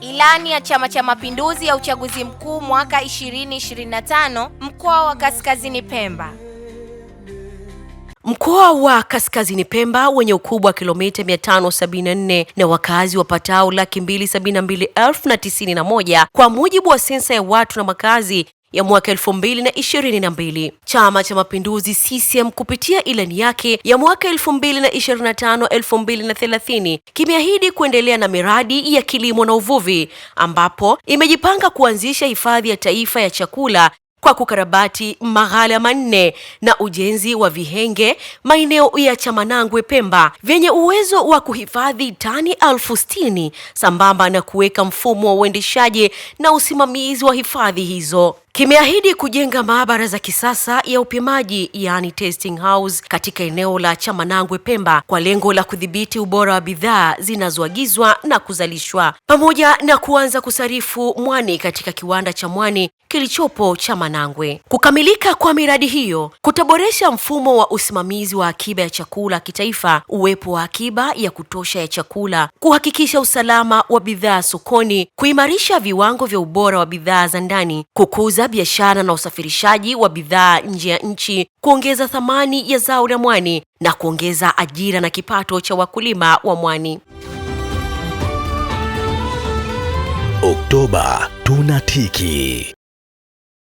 Ilani ya Chama cha Mapinduzi ya uchaguzi mkuu mwaka 2025 mkoa wa Kaskazini Pemba. Mkoa wa Kaskazini Pemba wenye ukubwa wa kilomita 574 na wakazi wapatao laki mbili kwa mujibu wa sensa ya watu na makazi ya mwaka elfu mbili na ishirini na mbili. Chama cha Mapinduzi CCM kupitia ilani yake ya mwaka elfu mbili na ishirini na tano elfu mbili na thelathini kimeahidi kuendelea na miradi ya kilimo na uvuvi ambapo imejipanga kuanzisha hifadhi ya taifa ya chakula kwa kukarabati maghala manne na ujenzi wa vihenge maeneo ya Chamanangwe Pemba vyenye uwezo wa kuhifadhi tani elfu sitini sambamba na kuweka mfumo wa uendeshaji na usimamizi wa hifadhi hizo kimeahidi kujenga maabara za kisasa ya upimaji yani testing house katika eneo la Chamanangwe Pemba, kwa lengo la kudhibiti ubora wa bidhaa zinazoagizwa na kuzalishwa pamoja na kuanza kusarifu mwani katika kiwanda cha mwani kilichopo Chamanangwe. Kukamilika kwa miradi hiyo kutaboresha mfumo wa usimamizi wa akiba ya chakula kitaifa, uwepo wa akiba ya kutosha ya chakula, kuhakikisha usalama wa bidhaa sokoni, kuimarisha viwango vya ubora wa bidhaa za ndani, kukuza kukuza biashara na usafirishaji wa bidhaa nje ya nchi, kuongeza thamani ya zao la mwani na kuongeza ajira na kipato cha wakulima wa mwani. Oktoba tunatiki.